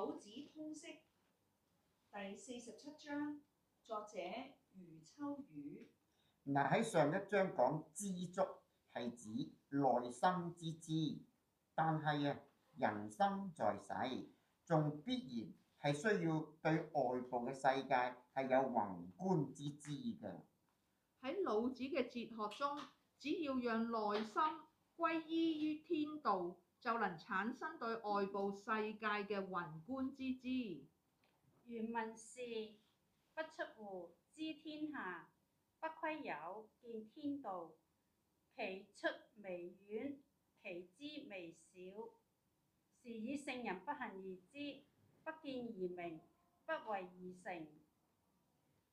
《老子通釋》第四十七章，作者余秋雨。嗱、啊，喺上一章講知足係指內心之知，但係啊，人生在世，仲必然係需要對外部嘅世界係有宏觀之知嘅。喺老子嘅哲學中，只要讓內心歸依於天道。就能產生對外部世界嘅宏觀之知。原文是：不出戶，知天下；不窺牖，見天道。其出彌遠，其知彌少。是以聖人不行而知，不見而明，不為而成。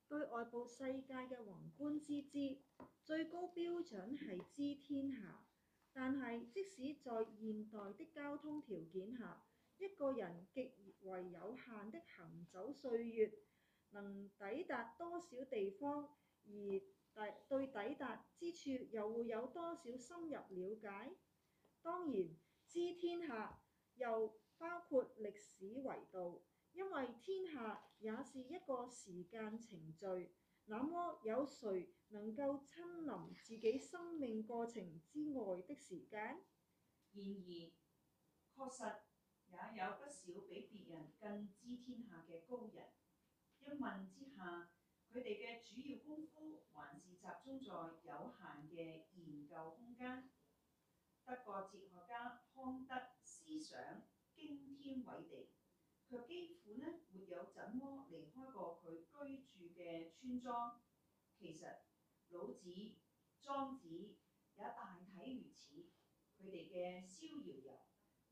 對外部世界嘅宏觀之知，最高標準係知天下。但係，即使在現代的交通條件下，一個人極為有限的行走歲月，能抵達多少地方？而抵對抵達之處又會有多少深入了解？當然，知天下又包括歷史維度，因為天下也是一個時間程序。那麼有誰能夠親臨自己生命過程之外的時間？然而，確實也有不少比別人更知天下嘅高人。一問之下，佢哋嘅主要功夫還是集中在有限嘅研究空間。德國哲學家康德思想驚天偉地，佢幾乎呢？村莊，其實老子莊子也大體如此，佢哋嘅逍遙遊，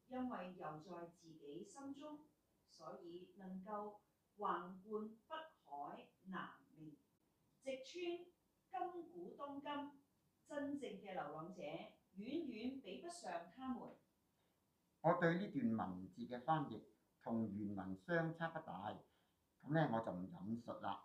因為遊在自己心中，所以能夠橫貫北海南面，直穿今古東今。真正嘅流浪者，遠遠比不上他們。我對呢段文字嘅翻譯同原文相差不大，咁咧我就唔引述啦。